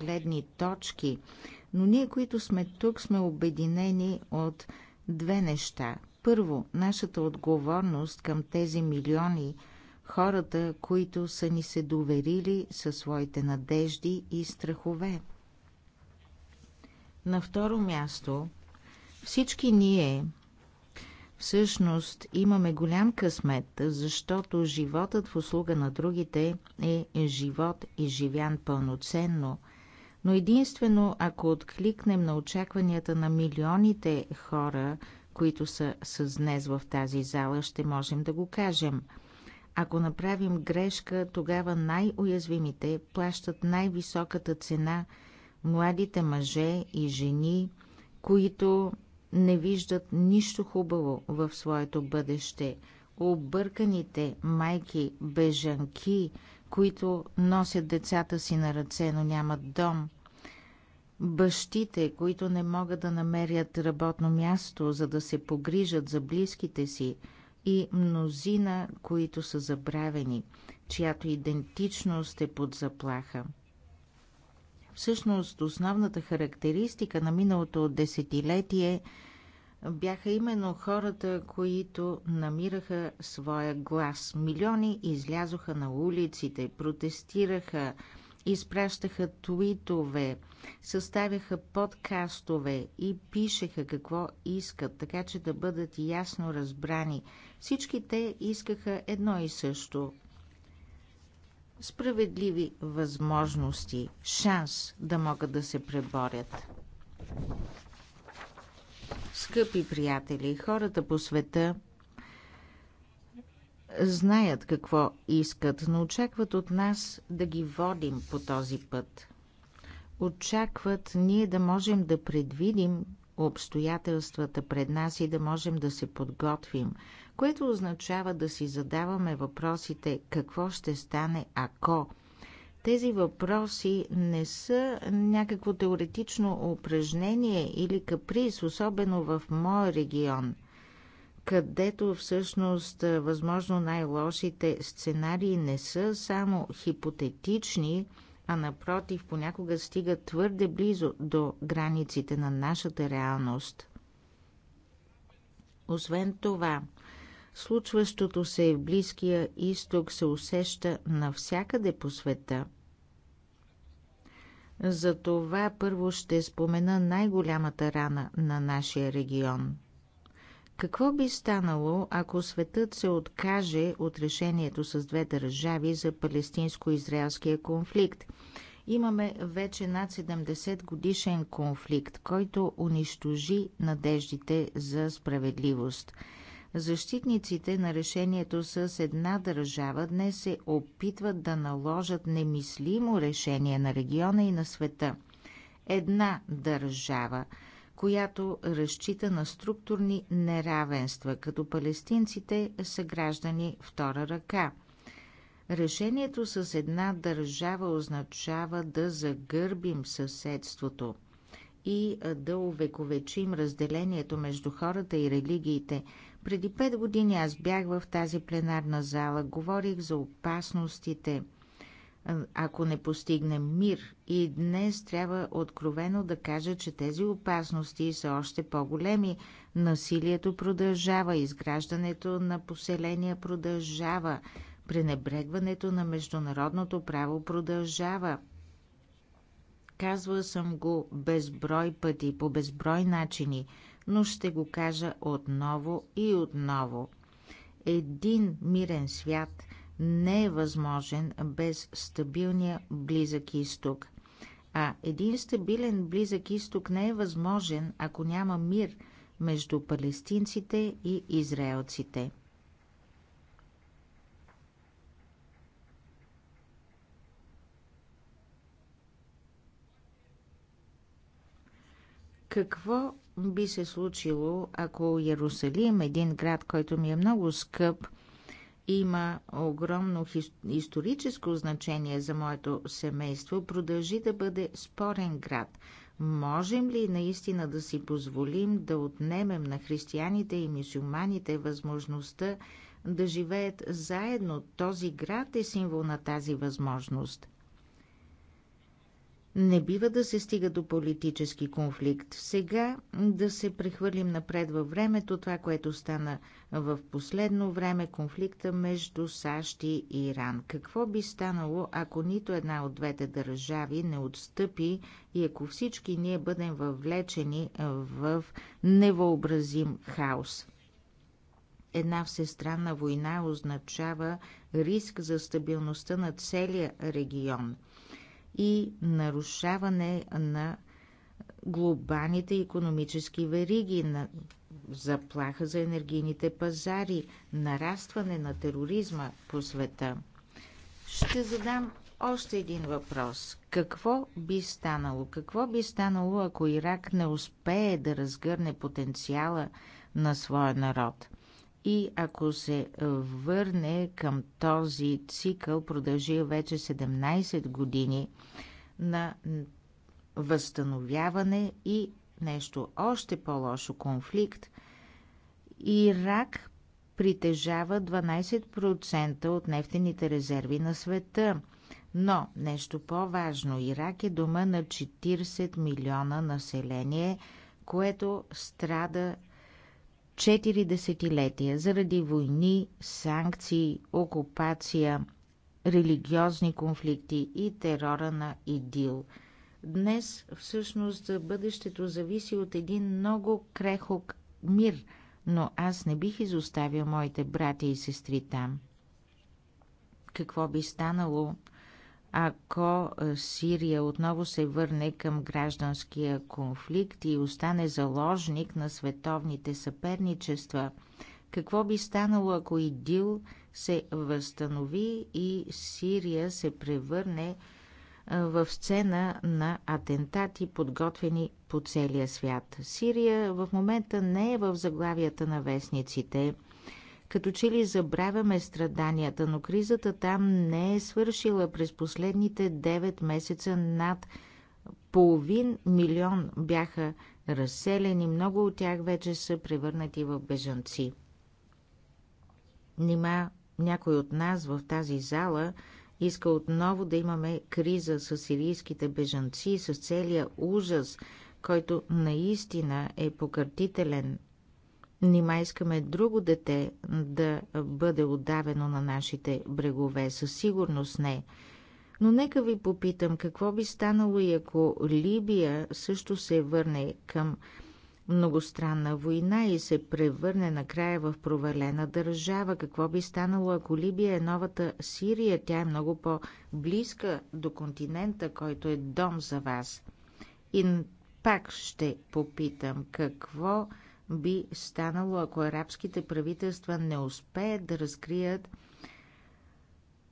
гледни точки, но ние, които сме тук, сме обединени от две неща. Първо, нашата отговорност към тези милиони хората, които са ни се доверили със своите надежди и страхове. На второ място, всички ние всъщност имаме голям късмет, защото животът в услуга на другите е живот изживян пълноценно – но единствено ако откликнем на очакванията на милионите хора, които са с днес в тази зала, ще можем да го кажем. Ако направим грешка, тогава най-уязвимите плащат най-високата цена младите мъже и жени, които не виждат нищо хубаво в своето бъдеще. Обърканите майки, бежанки, които носят децата си на ръце, но нямат дом бащите, които не могат да намерят работно място, за да се погрижат за близките си, и мнозина, които са забравени, чиято идентичност е под заплаха. Всъщност, основната характеристика на миналото десетилетие бяха именно хората, които намираха своя глас. Милиони излязоха на улиците, протестираха, изпращаха твитове, съставяха подкастове и пишеха какво искат, така че да бъдат ясно разбрани. Всички те искаха едно и също справедливи възможности, шанс да могат да се преборят. Скъпи приятели, хората по света знаят какво искат, но очакват от нас да ги водим по този път. Очакват ние да можем да предвидим обстоятелствата пред нас и да можем да се подготвим, което означава да си задаваме въпросите какво ще стане ако. Тези въпроси не са някакво теоретично упражнение или каприз, особено в моя регион – където всъщност възможно най-лошите сценарии не са само хипотетични, а напротив понякога стига твърде близо до границите на нашата реалност. Освен това, случващото се в Близкия изток се усеща навсякъде по света. Затова първо ще спомена най-голямата рана на нашия регион – какво би станало, ако светът се откаже от решението с две държави за палестинско-израелския конфликт? Имаме вече над 70 годишен конфликт, който унищожи надеждите за справедливост. Защитниците на решението с една държава днес се опитват да наложат немислимо решение на региона и на света. Една държава – която разчита на структурни неравенства, като палестинците са граждани втора ръка. Решението с една държава означава да загърбим съседството и да увековечим разделението между хората и религиите. Преди пет години аз бях в тази пленарна зала, говорих за опасностите – ако не постигнем мир. И днес трябва откровено да кажа, че тези опасности са още по-големи. Насилието продължава, изграждането на поселения продължава, пренебрегването на международното право продължава. Казва съм го безброй пъти, по безброй начини, но ще го кажа отново и отново. Един мирен свят – не е възможен без стабилния близък изток. А един стабилен близък изток не е възможен, ако няма мир между палестинците и израелците. Какво би се случило, ако Ярусалим, един град, който ми е много скъп – има огромно историческо значение за моето семейство, продължи да бъде спорен град. Можем ли наистина да си позволим да отнемем на християните и мисюманите възможността да живеят заедно? Този град е символ на тази възможност. Не бива да се стига до политически конфликт. Сега да се прехвърлим напред във времето, това, което стана в последно време, конфликта между САЩ и Иран. Какво би станало, ако нито една от двете държави не отстъпи и ако всички ние бъдем въвлечени в невъобразим хаос? Една всестранна война означава риск за стабилността на целия регион – и нарушаване на глобалните економически вериги, на заплаха за енергийните пазари, нарастване на тероризма по света. Ще задам още един въпрос. Какво би станало? Какво би станало, ако Ирак не успее да разгърне потенциала на своя народ? И ако се е, върне към този цикъл, продължи вече 17 години на възстановяване и нещо още по-лошо конфликт, Ирак притежава 12% от нефтените резерви на света. Но нещо по-важно, Ирак е дома на 40 милиона население, което страда четири десетилетия заради войни, санкции, окупация, религиозни конфликти и терора на ИДИЛ. Днес всъщност бъдещето зависи от един много крехок мир, но аз не бих изоставил моите братя и сестри там. Какво би станало, ако е, Сирия отново се върне към гражданския конфликт и остане заложник на световните съперничества? Какво би станало, ако ИДИЛ се възстанови и Сирия се превърне е, в сцена на атентати, подготвени по целия свят? Сирия в момента не е в заглавията на вестниците – като че ли забравяме страданията, но кризата там не е свършила през последните 9 месеца над половин милион бяха разселени, много от тях вече са превърнати в бежанци. Нима някой от нас в тази зала иска отново да имаме криза с сирийските бежанци, с целия ужас, който наистина е покъртителен Нима искаме друго дете да бъде отдавено на нашите брегове? Със сигурност не. Но нека ви попитам, какво би станало и ако Либия също се върне към многостранна война и се превърне накрая в провалена държава? Какво би станало, ако Либия е новата Сирия? Тя е много по-близка до континента, който е дом за вас. И пак ще попитам, какво би станало, ако арабските правителства не успеят да разкрият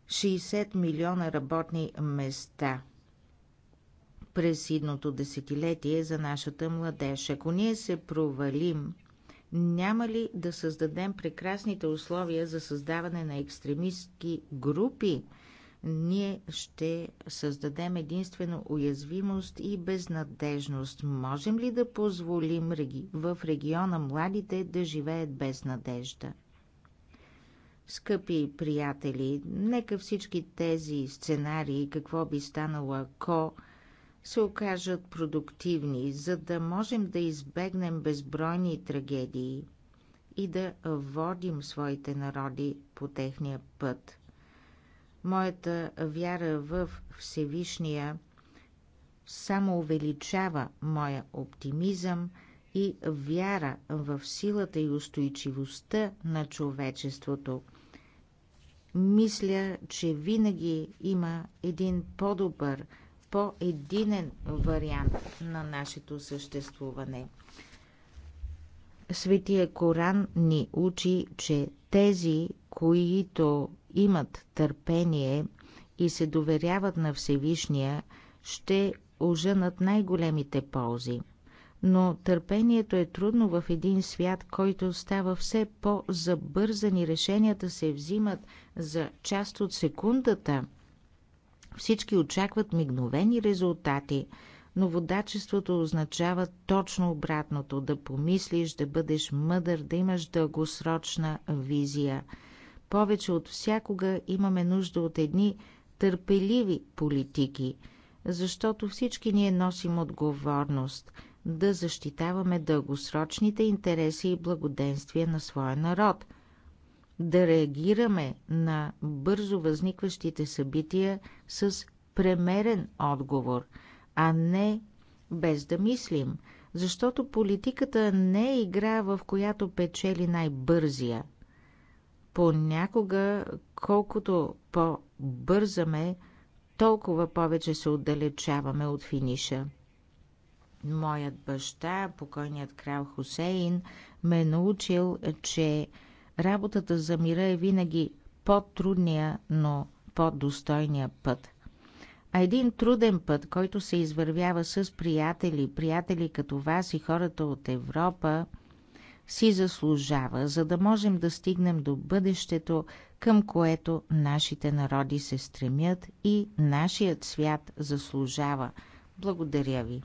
60 милиона работни места през идното десетилетие за нашата младеж. Ако ние се провалим, няма ли да създадем прекрасните условия за създаване на екстремистски групи, ние ще създадем единствено уязвимост и безнадежност. Можем ли да позволим в региона младите да живеят без надежда? Скъпи приятели, нека всички тези сценарии, какво би станало ако се окажат продуктивни, за да можем да избегнем безбройни трагедии и да водим своите народи по техния път. Моята вяра в Всевишния само увеличава моя оптимизъм и вяра в силата и устойчивостта на човечеството. Мисля, че винаги има един по-добър, по-единен вариант на нашето съществуване. Светия Коран ни учи, че тези, които имат търпение и се доверяват на Всевишния, ще оженат най-големите ползи. Но търпението е трудно в един свят, който става все по-забързан и решенията се взимат за част от секундата. Всички очакват мигновени резултати, но водачеството означава точно обратното – да помислиш, да бъдеш мъдър, да имаш дългосрочна визия – повече от всякога имаме нужда от едни търпеливи политики, защото всички ние носим отговорност да защитаваме дългосрочните интереси и благоденствия на своя народ, да реагираме на бързо възникващите събития с премерен отговор, а не без да мислим, защото политиката не е игра, в която печели най-бързия – Понякога, колкото по-бързаме, толкова повече се отдалечаваме от финиша. Моят баща, покойният крал Хусейн, ме е научил, че работата за мира е винаги по-трудния, но по-достойния път. А един труден път, който се извървява с приятели, приятели като вас и хората от Европа – си заслужава, за да можем да стигнем до бъдещето, към което нашите народи се стремят и нашият свят заслужава. Благодаря ви.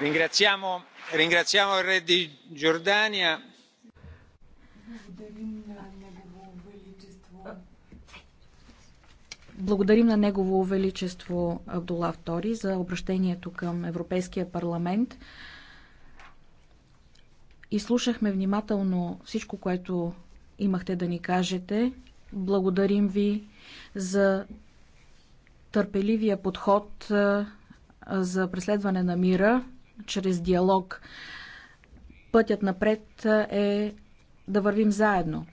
Ringraziamo, il re di Giordania. Благодарим на Негово Величество Абдула II за обращението към Европейския парламент. И слушахме внимателно всичко, което имахте да ни кажете. Благодарим ви за търпеливия подход за преследване на мира чрез диалог. Пътят напред е да вървим заедно.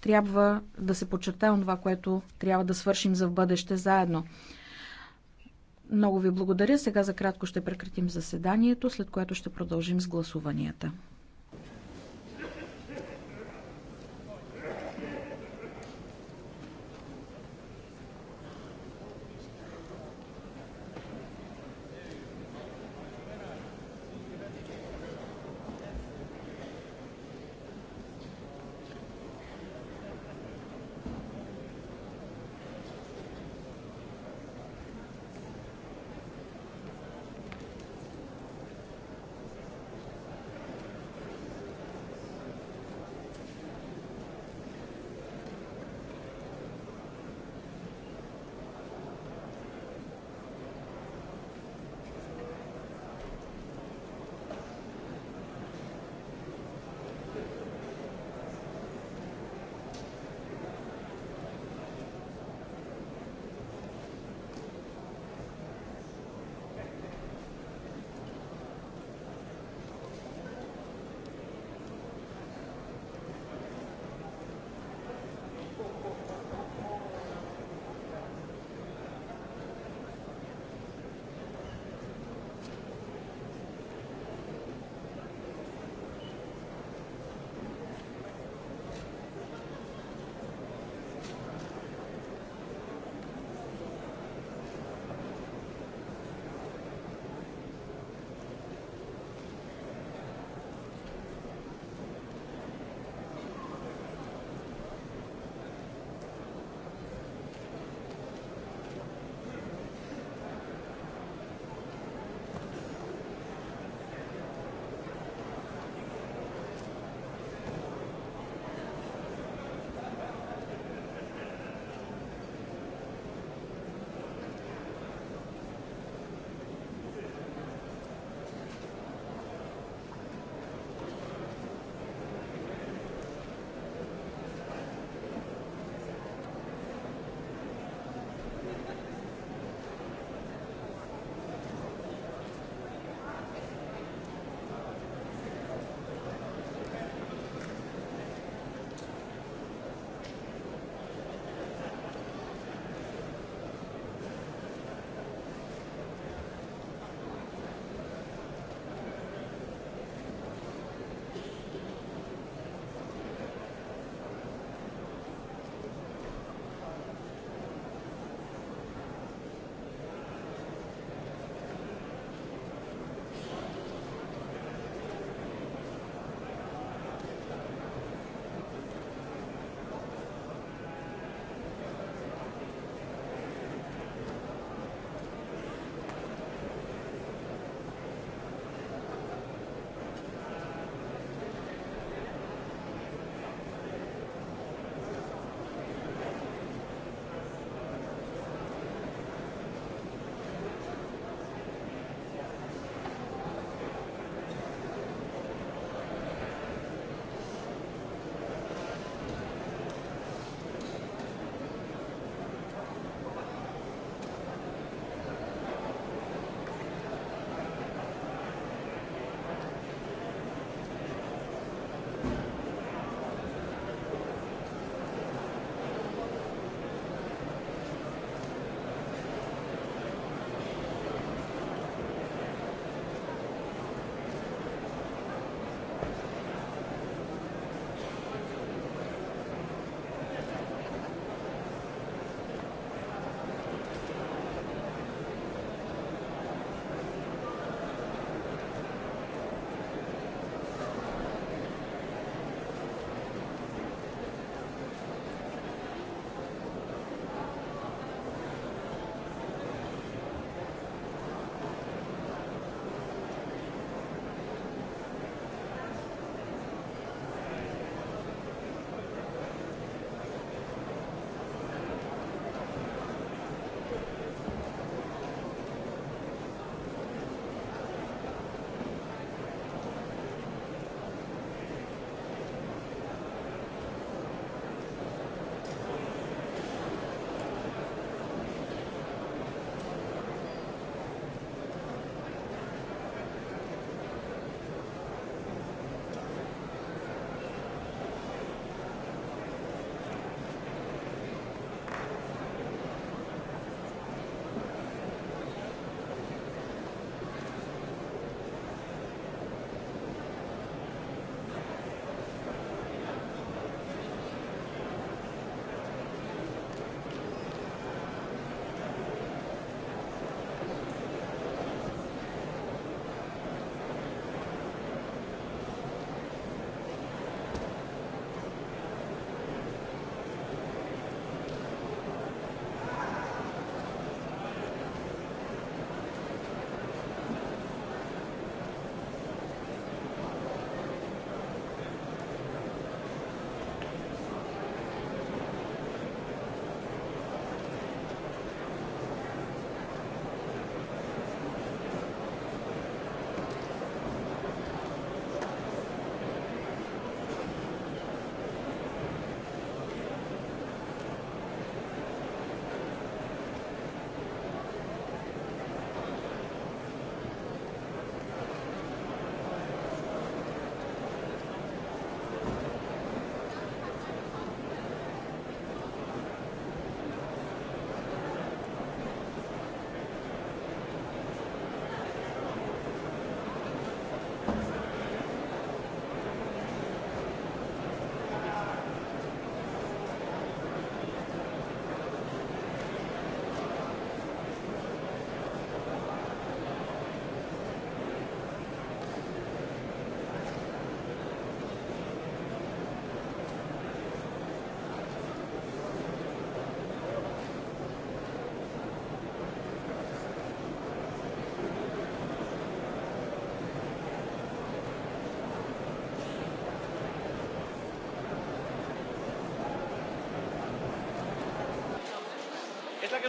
Трябва да се подчертаем това, което трябва да свършим за в бъдеще заедно. Много ви благодаря. Сега за кратко ще прекратим заседанието, след което ще продължим с гласуванията.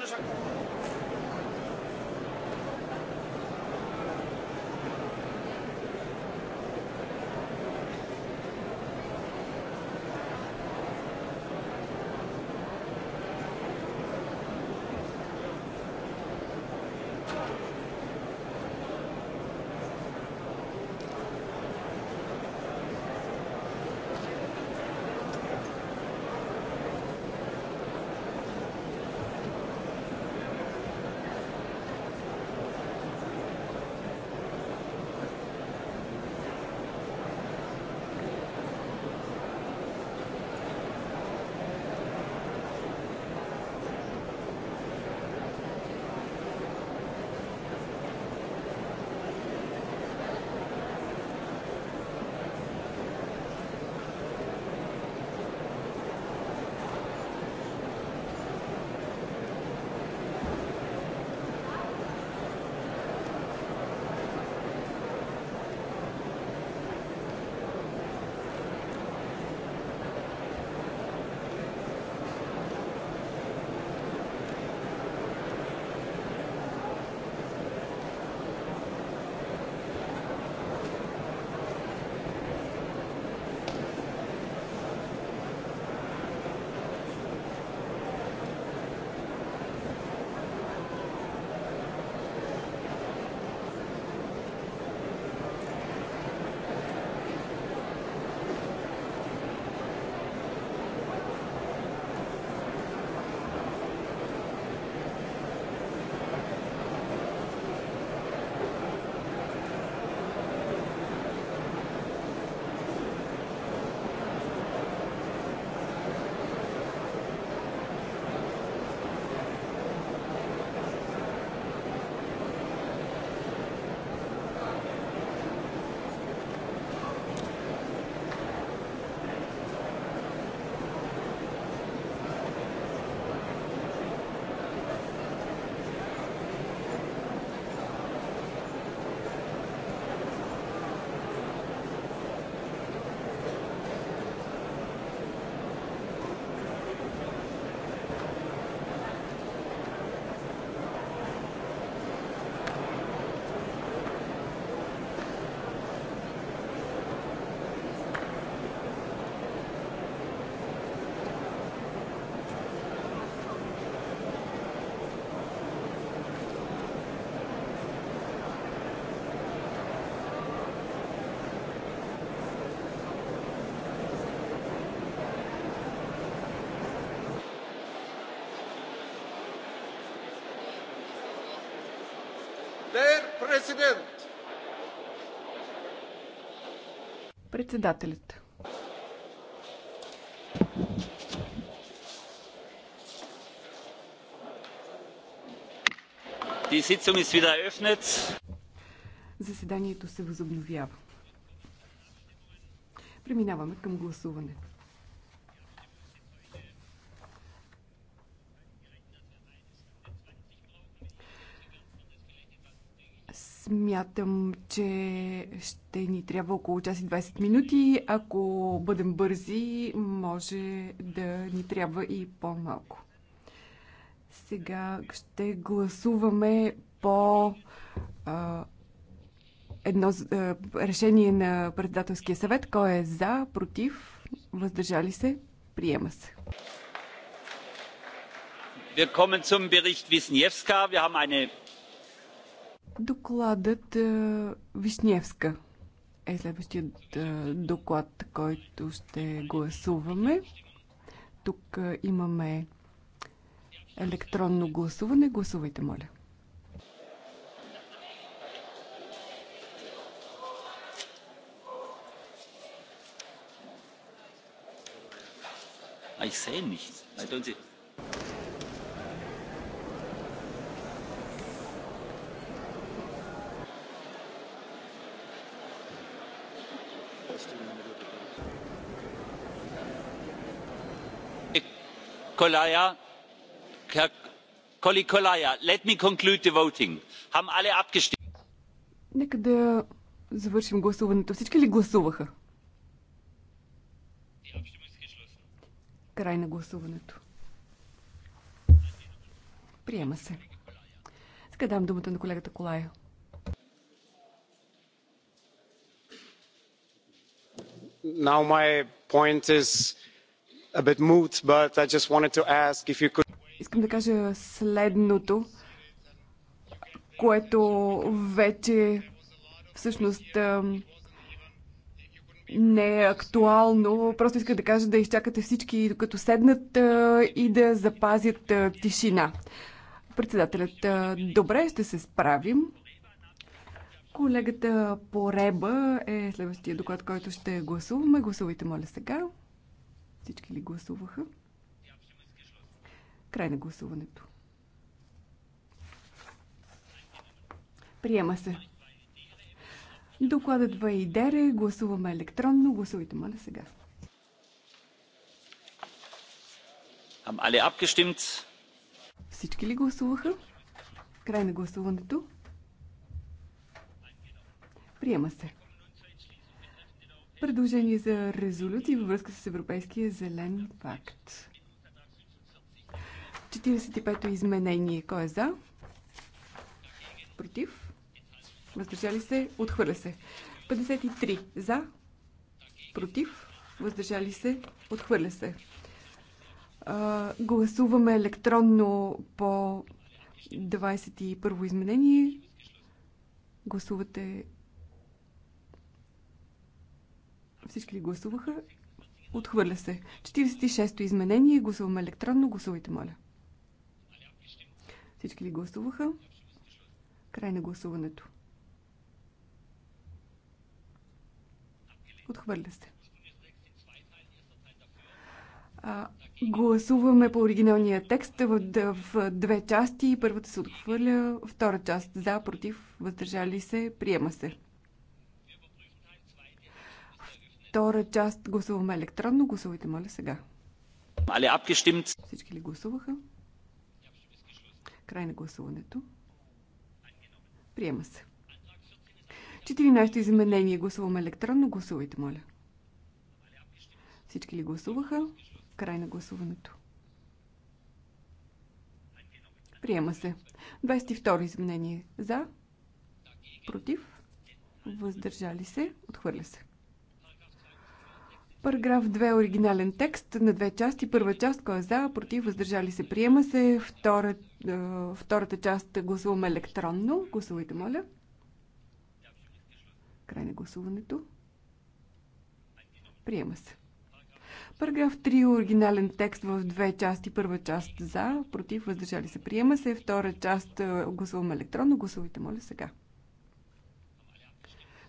que nos Президент! Председателят. Заседанието се възобновява. Преминаваме към гласуване. Смятам, че ще ни трябва около час и 20 минути. Ако бъдем бързи, може да ни трябва и по-малко. Сега ще гласуваме по а, едно а, решение на председателския съвет. Кой е за, против, въздържали се, приема се. Wir kommen zum Bericht Wisniewska. Wir haben eine Докладът Вишневска е следващият доклад, който ще гласуваме. Тук имаме електронно гласуване. Гласувайте, моля. I say nicht. I don't see. Нека да завършим гласуването. Всички ли гласуваха? Край на гласуването. Приема се. Сега дам думата на колегата Колая. Now my point is Искам да кажа следното, което вече всъщност не е актуално. Просто иска да кажа да изчакате всички, докато седнат и да запазят тишина. Председателят, добре, ще се справим. Колегата Пореба е следващия доклад, който ще гласуваме. Гласувайте, моля, сега. Всички ли гласуваха? Край на гласуването. Приема се. Докладът идере. Гласуваме електронно. Гласувайте, моля, сега. Ам але abgestimmt? Всички ли гласуваха? Край на гласуването. Приема се. Предложение за резолюция във връзка с Европейския зелен пакт. 45-то изменение. Кой е за? Против? Въздържали се? Отхвърля се. 53. За? Против? Въздържали се? Отхвърля се. А, гласуваме електронно по 21-во изменение. Гласувате Всички ли гласуваха? Отхвърля се. 46-то изменение. Гласуваме електронно. Гласувайте, моля. Всички ли гласуваха? Край на гласуването. Отхвърля се. А, гласуваме по оригиналния текст в, в две части. Първата се отхвърля, втора част за, против, въздържали се, приема се. Втора част гласуваме електронно. Гласувайте, моля, сега. Всички ли гласуваха? Край на гласуването. Приема се. 14 изменение. Гласуваме електронно. Гласувайте, моля. Всички ли гласуваха? Край на гласуването. Приема се. 22 изменение. За. Против. Въздържали се. Отхвърля се. Параграф 2. Е оригинален текст на две части. Първа част, кой е за, против, въздържали се, приема се. Втора, е, втората част гласуваме електронно. Гласувайте, моля. Край на гласуването. Приема се. Параграф 3. Е оригинален текст в две части. Първа част за, против, въздържали се, приема се. Втора част гласуваме електронно. Гласувайте, моля, сега.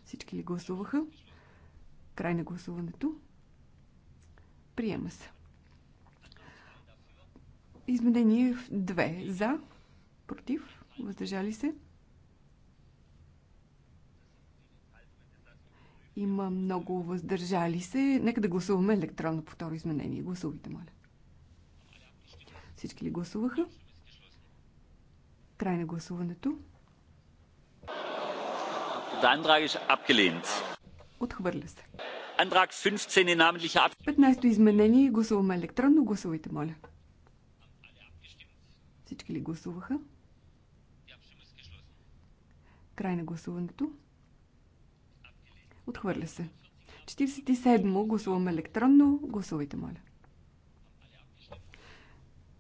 Всички ли гласуваха? Край на гласуването. Приема се. Изменение в 2. За. Против. Въздържали се. Има много въздържали се. Нека да гласуваме електронно по второ изменение. Гласувайте, моля. Всички ли гласуваха? Край на гласуването. Отхвърля се. Antrag 15 in namentlicher 15-то изменение. Гласуваме електронно. Гласувайте, моля. Всички ли гласуваха? Край на гласуването. Отхвърля се. 47-мо. Гласуваме електронно. Гласувайте, моля.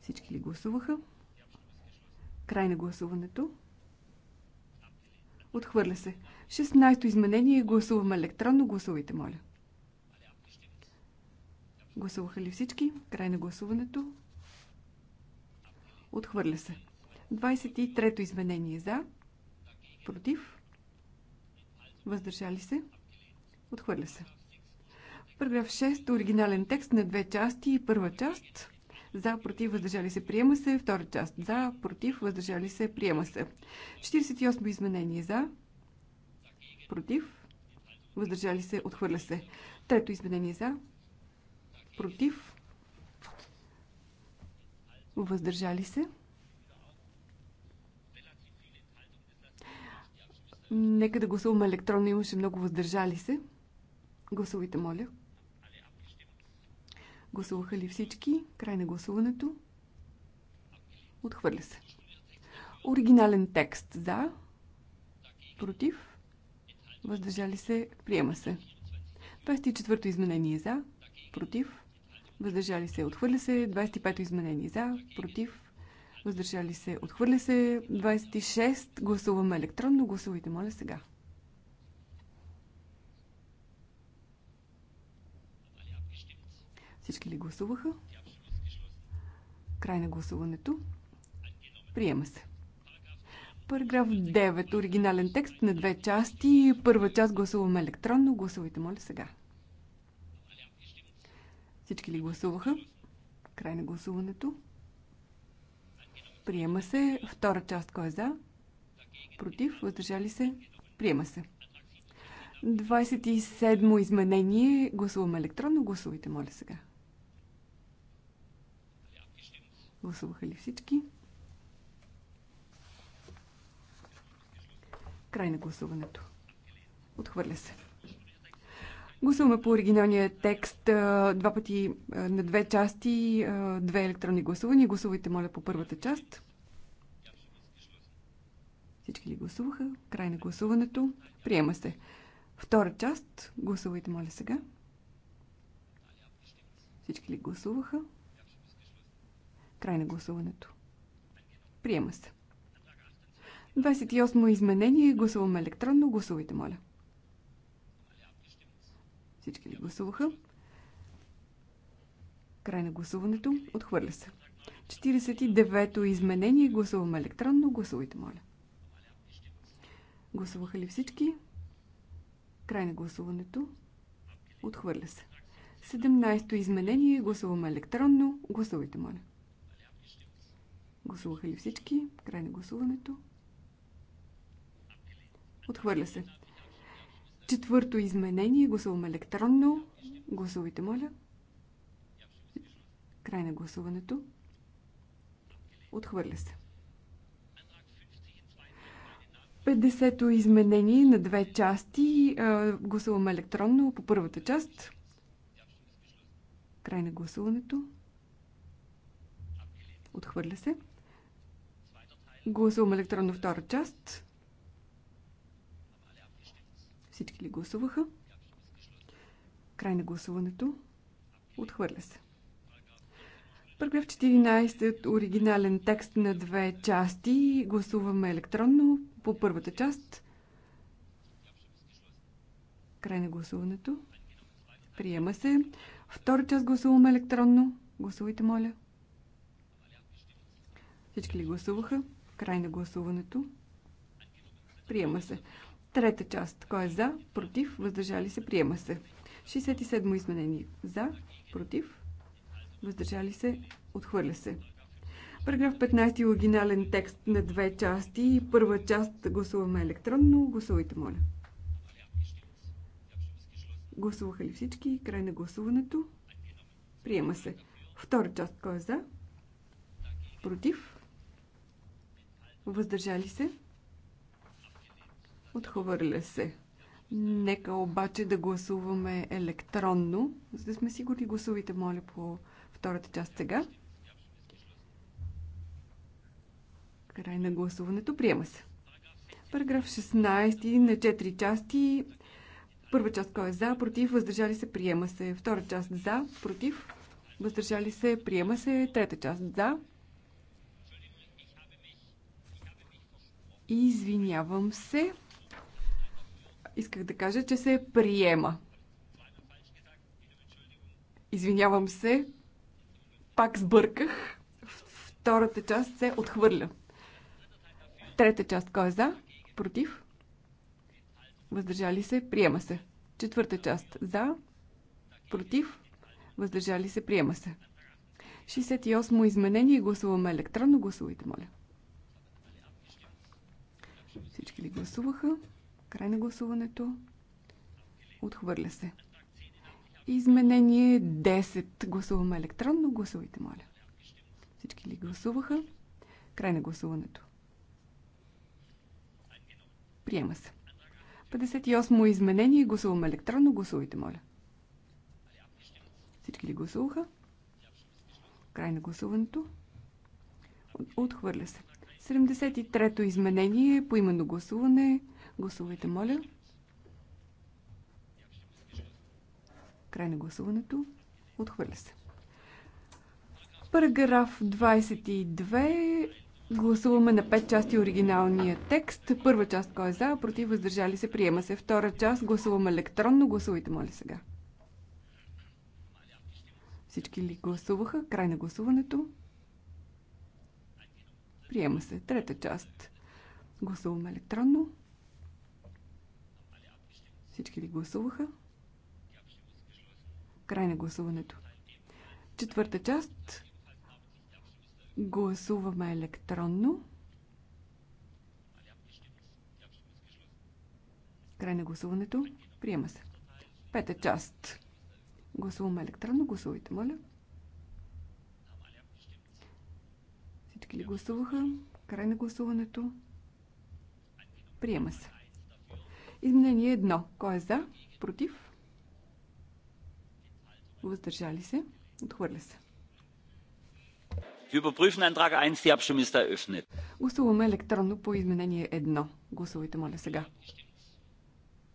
Всички ли гласуваха? Край на гласуването. Отхвърля се. 16-то изменение. Гласуваме електронно. Гласувайте, моля. Гласуваха ли всички? Край на гласуването. Отхвърля се. 23-то изменение за. Против. Въздържали се. Отхвърля се. Параграф 6. Оригинален текст на две части. Първа част. За, против, въздържали се, приема се. Втора част. За, против, въздържали се, приема се. 48 изменение. За, против, въздържали се, отхвърля се. Трето изменение. За, против, въздържали се. Нека да гласуваме електронно. Имаше много въздържали се. Гласувайте, моля. Гласуваха ли всички? Край на гласуването. Отхвърля се. Оригинален текст за. Против. Въздържали се. Приема се. 24-то изменение за. Против въздържали се, отхвърля се. 25-то изменение за, против, въздържали се, отхвърля се. 26, гласуваме електронно, гласувайте, моля сега. Всички ли гласуваха? Край на гласуването. Приема се. Параграф 9. Оригинален текст на две части. Първа част гласуваме електронно. Гласувайте, моля, сега. Всички ли гласуваха? Край на гласуването. Приема се. Втора част кой е за? Против? Въздържали се? Приема се. 27-мо изменение. Гласуваме електронно. Гласувайте, моля сега. Гласуваха ли всички? Край на гласуването. Отхвърля се. Гласуваме по оригиналния текст два пъти на две части, две електронни гласувания. Гласувайте, моля, по първата част. Всички ли гласуваха? Край на гласуването. Приема се. Втора част. Гласувайте, моля, сега. Всички ли гласуваха? Край на гласуването. Приема се. 28 изменение. Гласуваме електронно. Гласувайте, моля. Всички ли гласуваха? Край на гласуването. Отхвърля се. 49-то изменение. Гласуваме електронно. Гласувайте, моля. Гласуваха ли всички? Край на гласуването. Отхвърля се. 17-то изменение. Гласуваме електронно. Гласувайте, моля. Гласуваха ли всички? Край на гласуването. Отхвърля се. Четвърто изменение. Гласуваме електронно. Гласувайте, моля. Край на гласуването. Отхвърля се. Петдесето изменение на две части. Гласуваме електронно по първата част. Край на гласуването. Отхвърля се. Гласуваме електронно втора част. Всички ли гласуваха? Край на гласуването. Отхвърля се. Параграф 14, оригинален текст на две части. Гласуваме електронно по първата част. Край на гласуването. Приема се. Втора част гласуваме електронно. Гласувайте, моля. Всички ли гласуваха? Край на гласуването. Приема се. Трета част. Кой е за? Против? Въздържали се? Приема се. 67 изменение. За? Против? Въздържали се? Отхвърля се. Параграф 15 е оригинален текст на две части. Първа част гласуваме електронно. Гласувайте, моля. Гласуваха ли всички? Край на гласуването. Приема се. Втора част. Кой е за? Против? Въздържали се? Отхвърля се. Нека обаче да гласуваме електронно, за да сме сигурни. Гласувайте, моля, по втората част сега. Край на гласуването. Приема се. Параграф 16 на 4 части. Първа част кой е за, против, въздържали се, приема се. Втора част за, против, въздържали се, приема се. Трета част за. Извинявам се. Исках да кажа, че се приема. Извинявам се, пак сбърках. Втората част се отхвърля. Трета част, кой е за? Против? Въздържали се? Приема се. Четвърта част, за? Против? Въздържали се? Приема се. 68 мо изменение гласуваме електронно. Гласувайте, моля. Всички ли гласуваха? Край на гласуването. Отхвърля се. Изменение 10. Гласуваме електронно. Гласувайте, моля. Всички ли гласуваха? Край на гласуването. Приема се. 58 изменение. Гласуваме електронно. Гласувайте, моля. Всички ли гласуваха? Край на гласуването. Отхвърля се. 73-то изменение. Поименно гласуване. гласуване. Гласувайте, моля. Край на гласуването. Отхвърля се. Параграф 22. Гласуваме на пет части оригиналния текст. Първа част кой е за, против, въздържали се, приема се. Втора част гласуваме електронно. Гласувайте, моля сега. Всички ли гласуваха? Край на гласуването. Приема се. Трета част. Гласуваме електронно. Всички ли гласуваха? Край на гласуването. Четвърта част. Гласуваме електронно. Край на гласуването. Приема се. Пета част. Гласуваме електронно. Гласувайте, моля. Всички ли гласуваха? Край на гласуването. Приема се. Изменение едно. Кой е за? Против? Въздържали се? Отхвърля се. Гласуваме електронно по изменение 1. Гласувайте, моля, сега.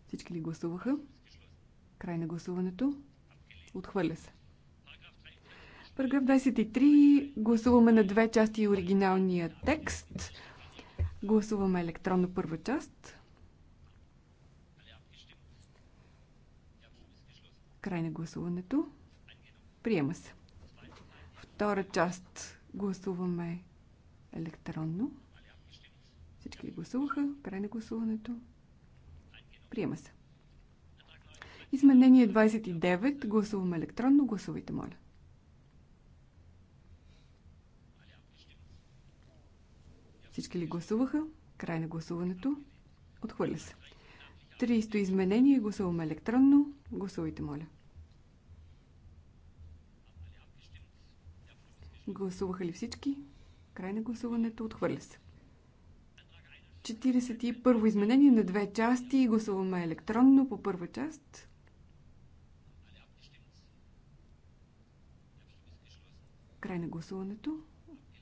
Всички ли гласуваха? Край на гласуването. Отхвърля се. Параграф 23. Гласуваме на две части оригиналния текст. Гласуваме електронно първа част. Край на гласуването. Приема се. Втора част гласуваме електронно. Всички гласуваха. Край на гласуването. Приема се. Изменение 29. Гласуваме електронно. Гласувайте, моля. Всички ли гласуваха? Край на гласуването. Отхвърля се. 30 изменение. Гласуваме електронно. Гласувайте, моля. Гласуваха ли всички? Край на гласуването. Отхвърля се. 41 изменение на две части. Гласуваме електронно по първа част. Край на гласуването.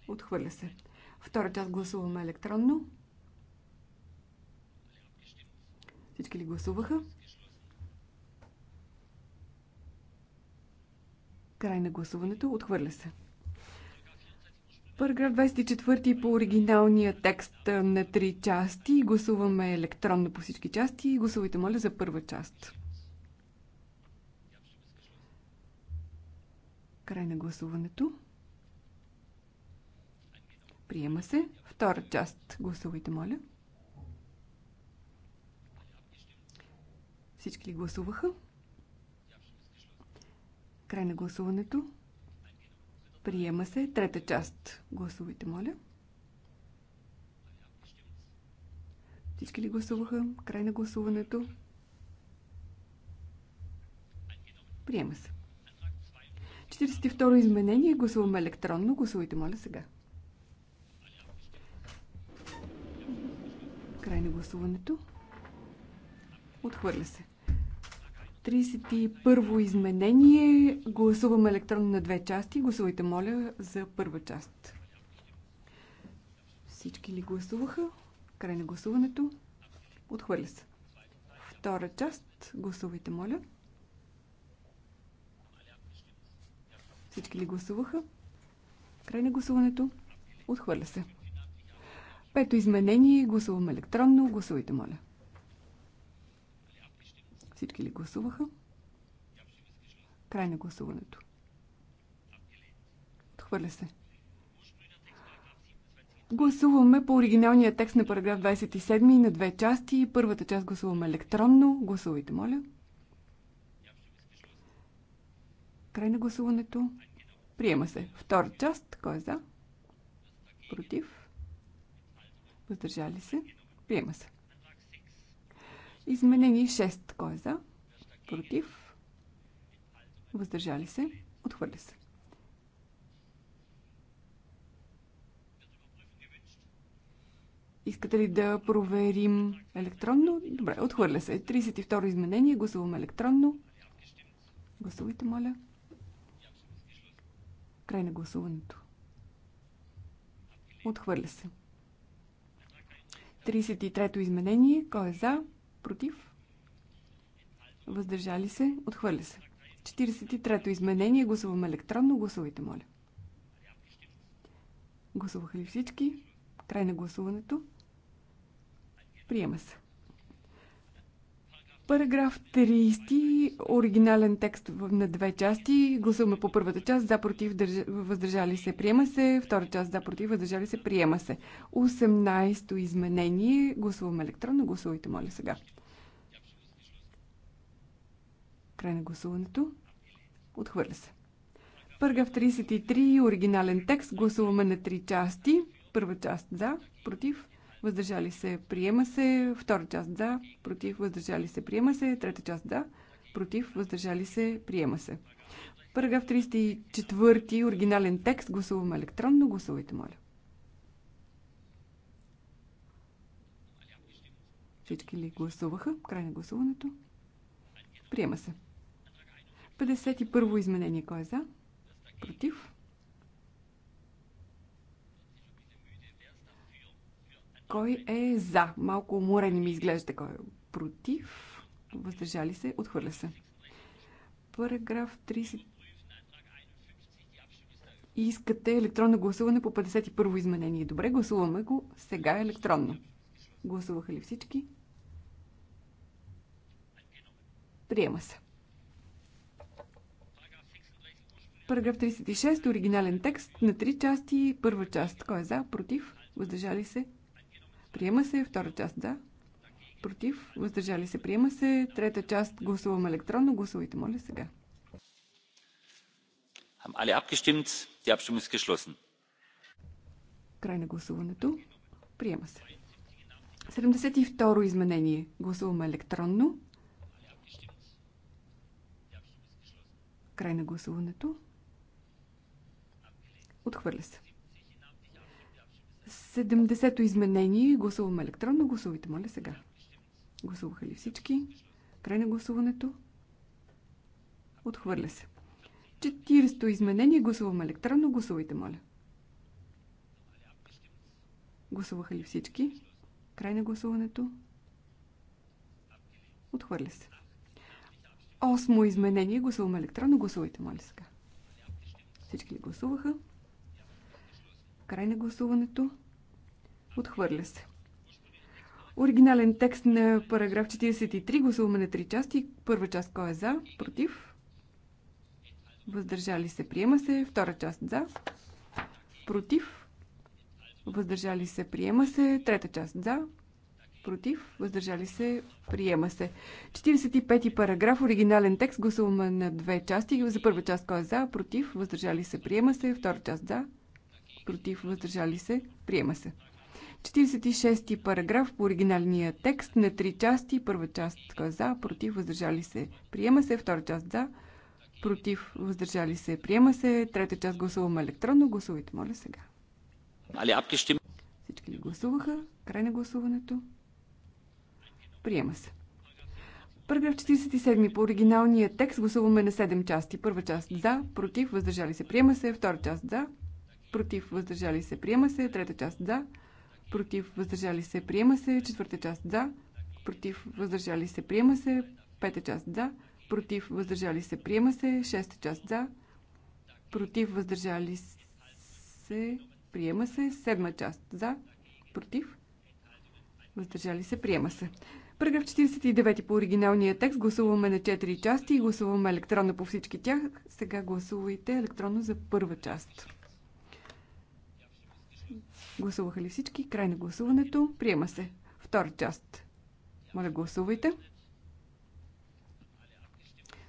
Отхвърля се. Втора част гласуваме електронно. Всички ли гласуваха? Край на гласуването. Отхвърля се. Параграф 24 по оригиналния текст на три части. Гласуваме електронно по всички части. Гласувайте, моля, за първа част. Край на гласуването. Приема се. Втора част. Гласувайте, моля. Всички ли гласуваха? Край на гласуването. Приема се трета част. Гласувайте, моля. Всички ли гласуваха? Край на гласуването. Приема се. 42 изменение. Гласуваме електронно. Гласувайте, моля, сега. Край на гласуването. Отхвърля се. 31-во изменение. Гласуваме електронно на две части. Гласувайте, моля, за първа част. Всички ли гласуваха? Край на гласуването. Отхвърля се. Втора част. Гласувайте, моля. Всички ли гласуваха? Край на гласуването. Отхвърля се. Пето изменение. Гласуваме електронно. Гласувайте, моля. Всички ли гласуваха? Край на гласуването. Отхвърля се. Гласуваме по оригиналния текст на параграф 27 на две части. Първата част гласуваме електронно. Гласувайте, моля. Край на гласуването. Приема се. Втора част. Кой е за? Против? Въздържали се? Приема се. Изменение 6. Кой е за? Против? Въздържали се? Отхвърля се. Искате ли да проверим електронно? Добре, отхвърля се. 32 изменение. Гласуваме електронно. Гласувайте, моля. Край на гласуването. Отхвърля се. 33-то изменение. Кой е за? Против? Въздържали се? Отхвърля се. 43-то изменение. Гласуваме електронно. Гласувайте, моля. Гласуваха ли всички? Край на гласуването. Приема се. Параграф 30, оригинален текст на две части. Гласуваме по първата част, за против, въздържали се, приема се. Втора част, за против, въздържали се, приема се. 18-то изменение. Гласуваме електронно. Гласувайте, моля, сега. Край на гласуването. Отхвърля се. Пъргав 33, оригинален текст. Гласуваме на три части. Първа част за, против, въздържали се, приема се. Втора част за, против, въздържали се, приема се. Трета част за, против, въздържали се, приема се. Параграф 34, оригинален текст. Гласуваме електронно. Гласувайте, моля. Всички ли гласуваха? Край на гласуването. Приема се. 51 во изменение. Кой е за? Против? Кой е за? Малко уморен ми изглежда. Кой е против? Въздържали се? Отхвърля се. Параграф 30. Искате електронно гласуване по 51 во изменение. Добре, гласуваме го сега електронно. Гласуваха ли всички? Приема се. Параграф 36, оригинален текст на три части. Първа част, кой е за, против, въздържали се, приема се. Втора част, за, против, въздържали се, приема се. Трета част, гласувам електронно. Гласувайте, моля, сега. Haben alle abgestimmt? Die Abstimmung ist geschlossen. Край на гласуването. Приема се. 72 изменение. Гласуваме електронно. Край на гласуването. Отхвърля се. 70-то изменение. Гласуваме електронно. Гласувайте, моля, сега. Гласуваха ли всички? Край на гласуването. Отхвърля се. 40-то изменение. Гласуваме електронно. Гласувайте, моля. Гласуваха ли всички? Край на гласуването. Отхвърля се. Осмо изменение. Гласуваме електронно. Гласувайте, моля сега. Всички ли гласуваха? Край на гласуването. Отхвърля се. Оригинален текст на параграф 43. Гласуваме на три части. Първа част кой е за? Против? Въздържали се. Приема се. Втора част за. Против? Въздържали се. Приема се. Трета част за. Против? Въздържали се. Приема се. 45-ти параграф. Оригинален текст. Гласуваме на две части. За първа част кой е за? Против? Въздържали се. Приема се. Втора част за против, въздържали се, приема се. 46 параграф по оригиналния текст на три части. Първа част за, против, въздържали се, приема се. Втора част за, против, въздържали се, приема се. Трета част гласуваме електронно. Гласувайте, моля сега. Али ще... Всички ли гласуваха? Край на гласуването. Приема се. Параграф 47 по оригиналния текст гласуваме на 7 части. Първа част за, против, въздържали се, приема се. Втора част за, против, въздържали се, приема се. Трета част за, против, въздържали се, приема се. Четвърта част за, против, въздържали се, приема се. Пета част за, против, въздържали се, приема се. Шеста част за, против, въздържали се, приема се. Седма част за, против, въздържали се, приема се. Параграф 49 по оригиналния текст гласуваме на 4 части и гласуваме електронно по всички тях. Сега гласувайте електронно за първа част. Гласуваха ли всички? Край на гласуването. Приема се. Втора част. Моля, гласувайте.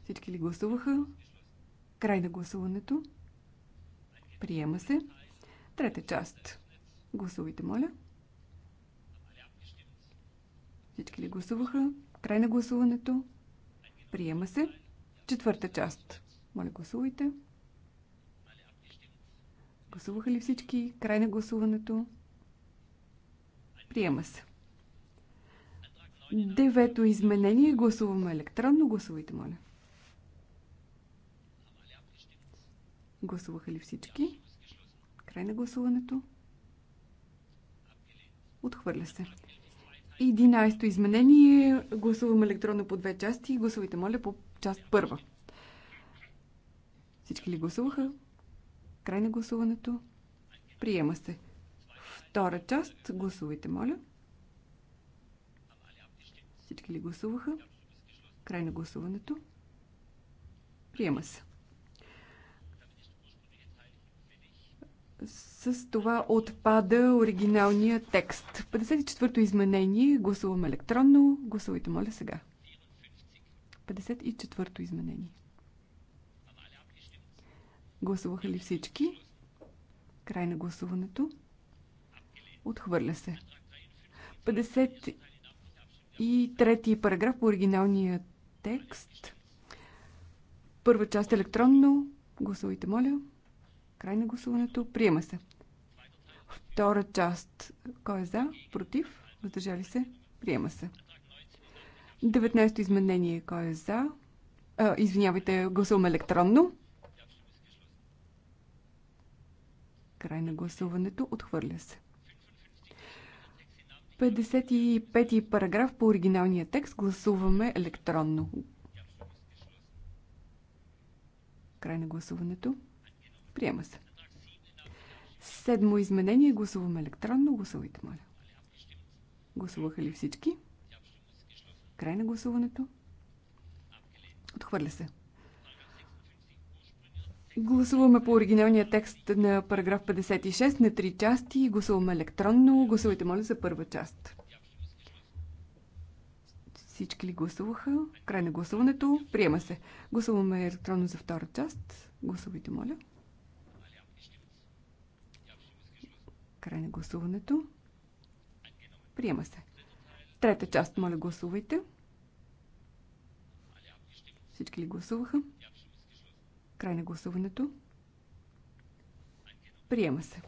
Всички ли гласуваха? Край на гласуването. Приема се. Трета част. Гласувайте, моля. Всички ли гласуваха? Край на гласуването. Приема се. Четвърта част. Моля, гласувайте. Гласуваха ли всички? Край на гласуването. Приема се. Девето изменение. Гласуваме електронно. Гласувайте, моля. Гласуваха ли всички? Край на гласуването. Отхвърля се. 11-то изменение. Гласуваме електронно по две части. Гласувайте, моля, по част първа. Всички ли гласуваха? Край на гласуването. Приема се. Втора част. Гласувайте, моля. Всички ли гласуваха? Край на гласуването. Приема се. С това отпада оригиналния текст. 54-то изменение. Гласувам електронно. Гласувайте, моля, сега. 54-то изменение. Гласуваха ли всички? Край на гласуването. Отхвърля се. 53 параграф по оригиналния текст. Първа част електронно. Гласувайте, моля. Край на гласуването. Приема се. Втора част. Кой е за? Против? Въздържали се? Приема се. 19-то изменение. Кой е за? А, извинявайте, гласуваме електронно. Край на гласуването. Отхвърля се. 55 параграф по оригиналния текст. Гласуваме електронно. Край на гласуването. Приема се. Седмо изменение. Гласуваме електронно. Гласувайте, моля. Гласуваха ли всички? Край на гласуването. Отхвърля се. Гласуваме по оригиналния текст на параграф 56 на три части. Гласуваме електронно. Гласувайте, моля, за първа част. Всички ли гласуваха? Край на гласуването. Приема се. Гласуваме електронно за втора част. Гласувайте, моля. Край на гласуването. Приема се. Трета част, моля, гласувайте. Всички ли гласуваха? Край на гласуването. Приема се.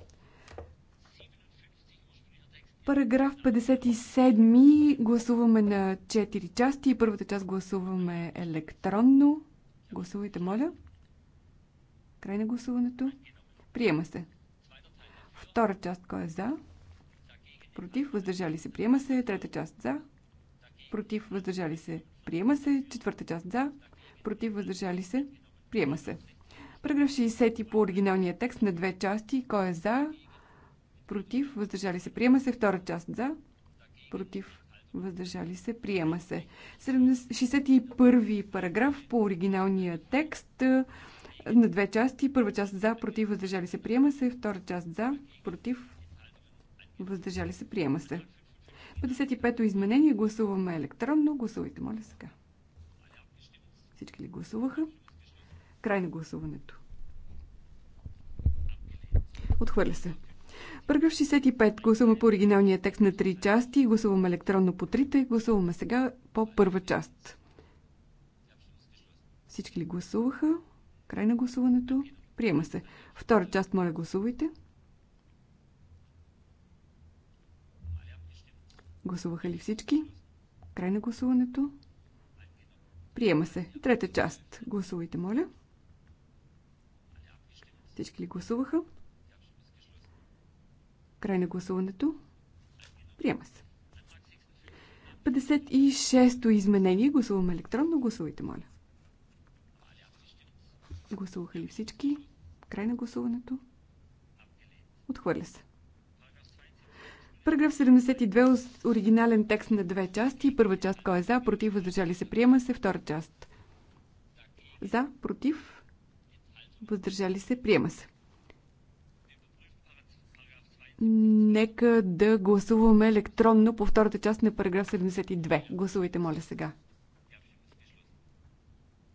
Параграф 57. Гласуваме на 4 части. Първата част гласуваме електронно. Гласувайте, моля. Край на гласуването. Приема се. Втора част, кой е за? Против, въздържали се, приема се. Трета част за. Против, въздържали се, приема се. Четвърта част за. Против, въздържали се, Приема се. Параграф 60 по оригиналния текст на две части. Кой е за? Против? Въздържали се. Приема се. Втора част за? Против? Въздържали се. Приема се. 61 параграф по оригиналния текст на две части. Първа част за, против, въздържали се, приема се. Втора част за, против, въздържали се, приема се. 55-то изменение гласуваме електронно. Гласувайте, моля сега. Всички ли гласуваха? Край на гласуването. Отхвърля се. Параграф 65. Гласуваме по оригиналния текст на три части. Гласуваме електронно по трите. Гласуваме сега по първа част. Всички ли гласуваха? Край на гласуването. Приема се. Втора част, моля, гласувайте. Гласуваха ли всички? Край на гласуването. Приема се. Трета част. Гласувайте, моля. Всички ли гласуваха? Край на гласуването. Приема се. 56-то изменение. Гласуваме електронно. Гласувайте, моля. Гласуваха ли всички? Край на гласуването. Отхвърля се. Параграф 72. Оригинален текст на две части. Първа част кой е за, против, въздържали се, приема се. Втора част. За, против, въздържали се, приема се. Нека да гласуваме електронно по втората част на параграф 72. Гласувайте, моля, сега.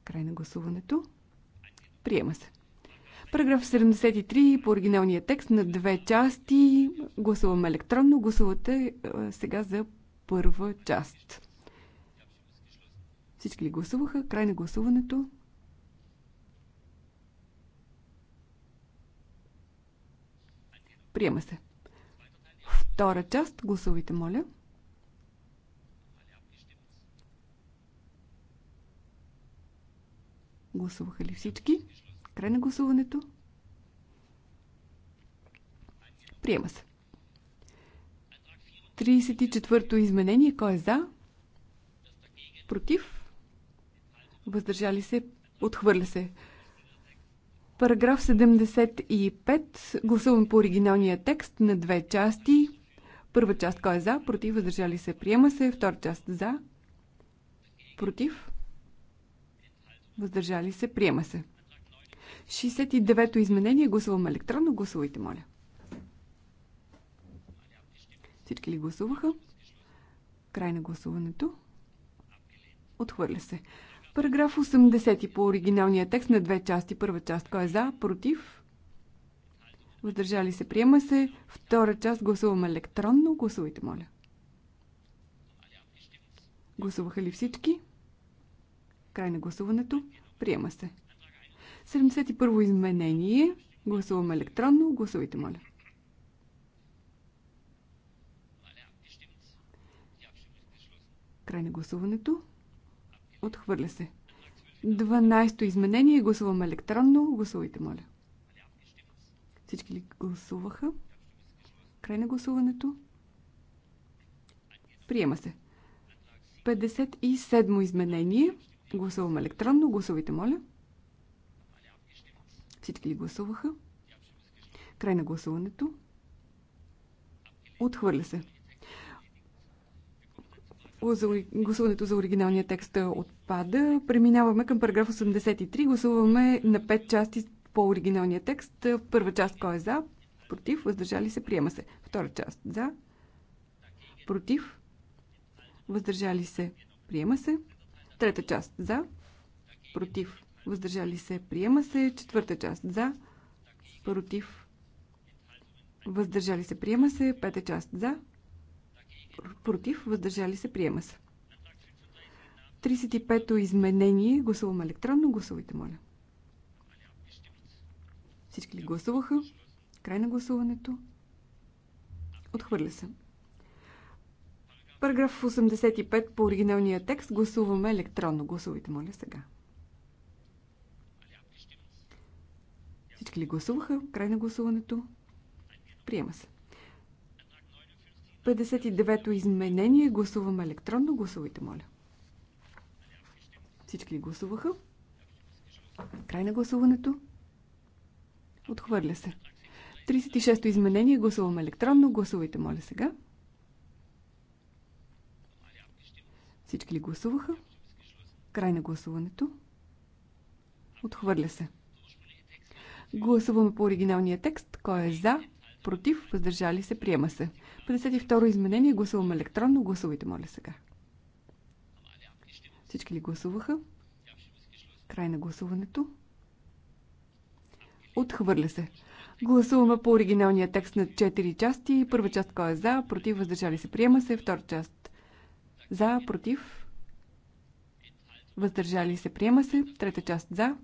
Край на гласуването. Приема се. Параграф 73 по оригиналния текст на две части. Гласуваме електронно. Гласувате сега за първа част. Всички ли гласуваха? Край на гласуването. Приема се. Втора част. Гласувайте, моля. Гласуваха ли всички? Край на гласуването. Приема се. 34-то изменение. Кой е за? Против? Въздържали се? Отхвърля се. Параграф 75. Гласувам по оригиналния текст на две части. Първа част кой е за, против, въздържали се, приема се. Втора част за, против, въздържали се, приема се. 69-то изменение. Гласувам електронно. Гласувайте, моля. Всички ли гласуваха? Край на гласуването. Отхвърля се. Параграф 80 по оригиналния текст на две части. Първа част кой е за, против, въздържали се, приема се. Втора част гласуваме електронно. Гласувайте, моля. Гласуваха ли всички? Край на гласуването. Приема се. 71 изменение. Гласуваме електронно. Гласувайте, моля. Край на гласуването. Отхвърля се. 12-то изменение. Гласуваме електронно. Гласувайте, моля. Всички ли гласуваха? Край на гласуването. Приема се. 57-мо изменение. Гласуваме електронно. Гласувайте, моля. Всички ли гласуваха? Край на гласуването. Отхвърля се за, гласуването за оригиналния текст отпада. Преминаваме към параграф 83. Гласуваме на 5 части по оригиналния текст. Първа част кой е за? Против? Въздържали се? Приема се. Втора част за? Против? Въздържали се? Приема се. Трета част за? Против? Въздържали се? Приема се. Четвърта част за? Против? Въздържали се? Приема се. Пета част за? против, въздържали се, приема се. 35-то изменение. Гласуваме електронно. Гласувайте, моля. Всички ли гласуваха? Край на гласуването. Отхвърля се. Параграф 85 по оригиналния текст. Гласуваме електронно. Гласувайте, моля, сега. Всички ли гласуваха? Край на гласуването. Приема се. 59-то изменение. Гласуваме електронно. Гласувайте, моля. Всички гласуваха. Край на гласуването. Отхвърля се. 36-то изменение. Гласуваме електронно. Гласувайте, моля, сега. Всички ли гласуваха? Край на гласуването. Отхвърля се. Гласуваме по оригиналния текст. Кой е за? Против? Въздържали се? Приема се. 52 изменение. Гласуваме електронно. Гласувайте, моля сега. Всички ли гласуваха? Край на гласуването. Отхвърля се. Гласуваме по оригиналния текст на 4 части. Първа част кой е за, против, въздържали се, приема се. Втора част за, против, въздържали се, приема се. Трета част за.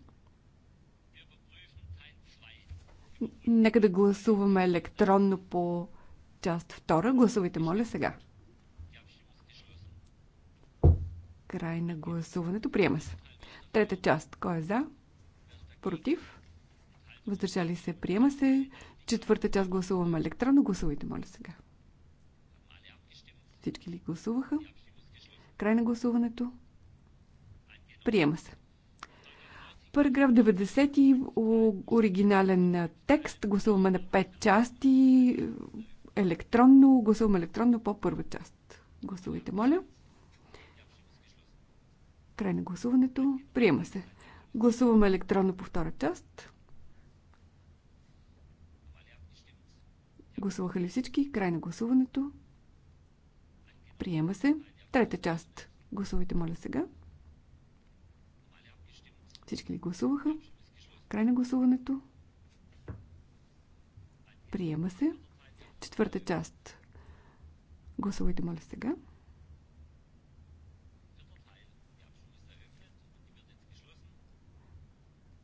Нека да гласуваме електронно по част втора. Гласувайте, моля, сега. Край на гласуването. Приема се. Трета част. Кой е за? Против? Въздържали се? Приема се. Четвърта част гласуваме електронно. Гласувайте, моля, сега. Всички ли гласуваха? Край на гласуването. Приема се. Параграф 90 оригинален текст. Гласуваме на 5 части електронно. Гласуваме електронно по първа част. Гласувайте, моля. Край на гласуването. Приема се. Гласуваме електронно по втора част. Гласуваха ли всички? Край на гласуването. Приема се. Трета част. Гласувайте, моля, сега. Всички ли гласуваха? Край на гласуването. Приема се. Четвърта част. Гласувайте, моля, сега.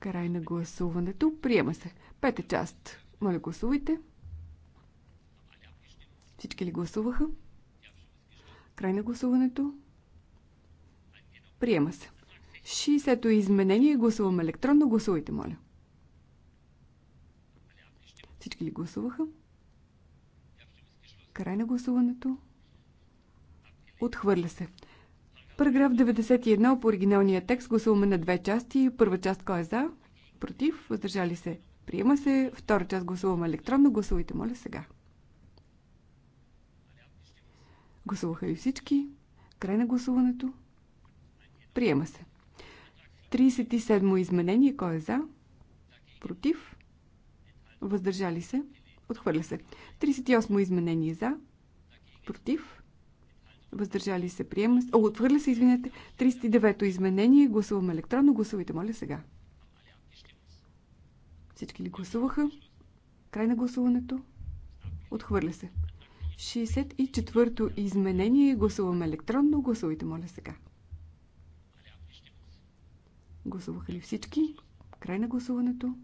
Край на гласуването. Приема се. Пета част. Моля, гласувайте. Всички ли гласуваха? Край на гласуването. Приема се. 60-то изменение. Гласувам електронно. Гласувайте, моля. Всички ли гласуваха? Край на гласуването. Отхвърля се. Параграф 91 по оригиналния текст гласуваме на две части. Първа част кой е за? Против? Въздържали се? Приема се. Втора част гласуваме електронно. Гласувайте, моля, сега. Гласуваха и всички? Край на гласуването. Приема се. 37 изменение. Кой е за? Против? Въздържали се? Отхвърля се. 38 изменение за. Против. Въздържали се. Приема се. Отхвърля се, извинете. 39 то изменение. Гласуваме електронно. Гласувайте, моля, сега. Всички ли гласуваха? Край на гласуването. Отхвърля се. 64-то изменение. Гласуваме електронно. Гласувайте, моля, сега. Гласуваха ли всички? Край на гласуването.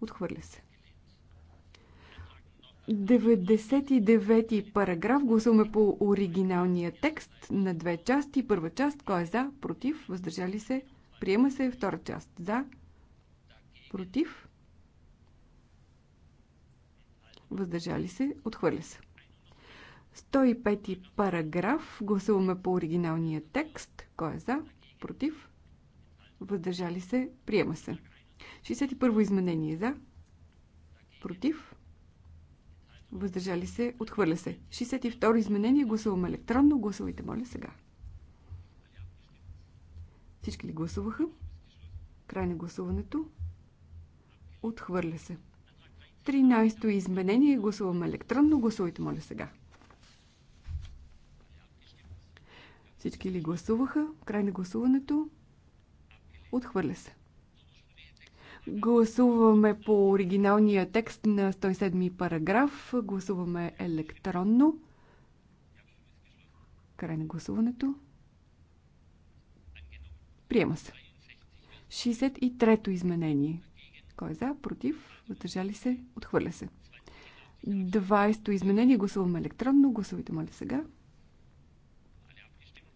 Отхвърля се. 99 параграф. Гласуваме по оригиналния текст на две части. Първа част, кой е за, против, въздържали се, приема се. Втора част, за, против, въздържали се, отхвърля се. 105 параграф. Гласуваме по оригиналния текст. Кой е за, против, въздържали се, приема се. 61 изменение за, против, въздържали се, отхвърля се. 62 изменение, гласуваме електронно, гласувайте, моля, сега. Всички ли гласуваха? Край на гласуването. Отхвърля се. 13 изменение, гласуваме електронно, гласувайте, моля, сега. Всички ли гласуваха? Край на гласуването. Отхвърля се. Гласуваме по оригиналния текст на 107 параграф. Гласуваме електронно. Край на гласуването. Приема се. 63-то изменение. Кой е за? Против? Въздържали се? Отхвърля се. 20-то изменение. Гласуваме електронно. Гласувайте, моля, сега.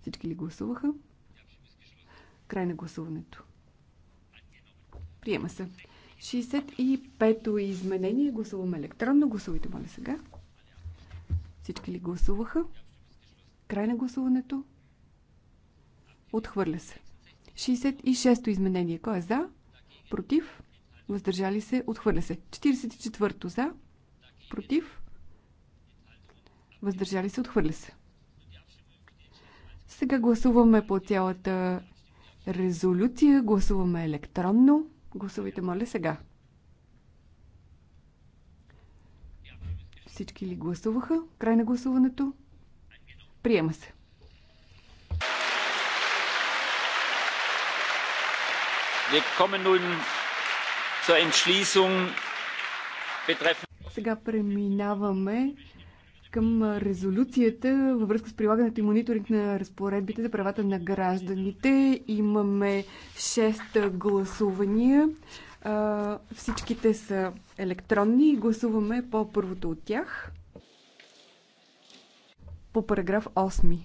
Всички ли гласуваха? Край на гласуването. Приема се. 65-то изменение. Гласуваме електронно. Гласувайте, моля сега. Всички ли гласуваха? Край на гласуването. Отхвърля се. 66-то изменение. Кой е за? Против? Въздържали се? Отхвърля се. 44-то за? Против? Въздържали се? Отхвърля се. Сега гласуваме по цялата резолюция. Гласуваме електронно. Гласувайте, моля, сега. Всички ли гласуваха? Край на гласуването? Приема се. Сега преминаваме към резолюцията във връзка с прилагането и мониторинг на разпоредбите за правата на гражданите. Имаме 6 гласувания. Всичките са електронни и гласуваме по първото от тях. По параграф 8.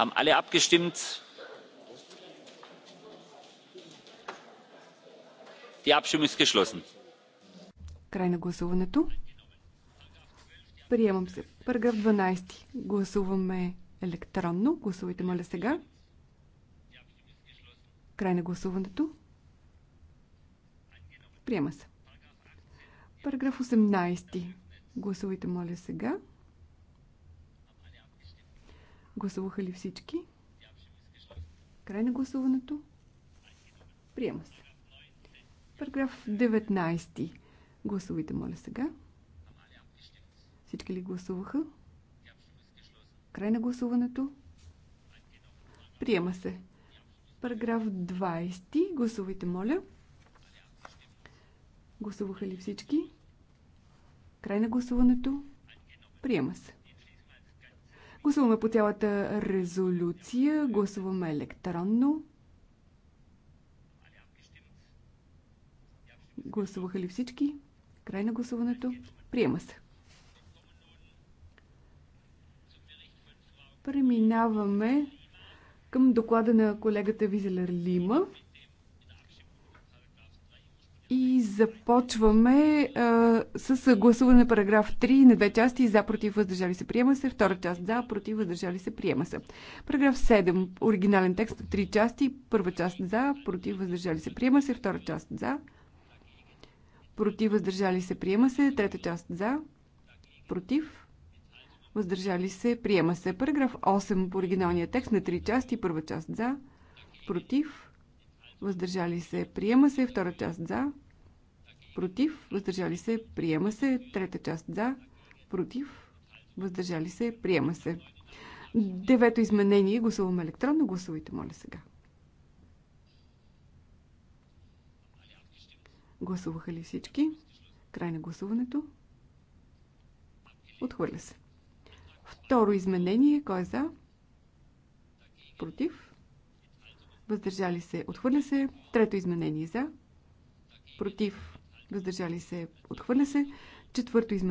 Haben alle abgestimmt? Die Abstimmung ist geschlossen. Край на гласуването. Приемам се. Параграф 12. Гласуваме електронно. Гласувайте, моля, сега. Край на гласуването. Приема се. Параграф 18. Гласувайте, моля, сега. Гласуваха ли всички? Край на гласуването. Приема се. Параграф 19. Гласувайте, моля, сега. Всички ли гласуваха? Край на гласуването. Приема се. Параграф 20. Гласувайте, моля. Гласуваха ли всички? Край на гласуването. Приема се. Гласуваме по цялата резолюция. Гласуваме електронно. Гласуваха ли всички? Край на гласуването. Приема се. Преминаваме към доклада на колегата Визелер Лима. И започваме а, с гласуване на параграф 3 на две части. За, против, въздържали се, приема се. Втора част за, против, въздържали се, приема се. Параграф 7. Оригинален текст. Три части. Първа част за, против, въздържали се, приема се. Втора част за, против, въздържали се, приема се. Трета част за, против, въздържали се, приема се. Параграф 8 по оригиналния текст на три части. Първа част за, против, въздържали се, приема се. Втора част за, против, въздържали се, приема се. Трета част за, против, въздържали се, приема се. Девето изменение. Гласуваме електронно. Гласувайте, моля сега. Гласуваха ли всички? Край на гласуването. Отхвърля се. Второ изменение. Кой е за? Против. Въздържали се. Отхвърля се. Трето изменение. За. Против. Въздържали се. Отхвърля се. Четвърто изменение.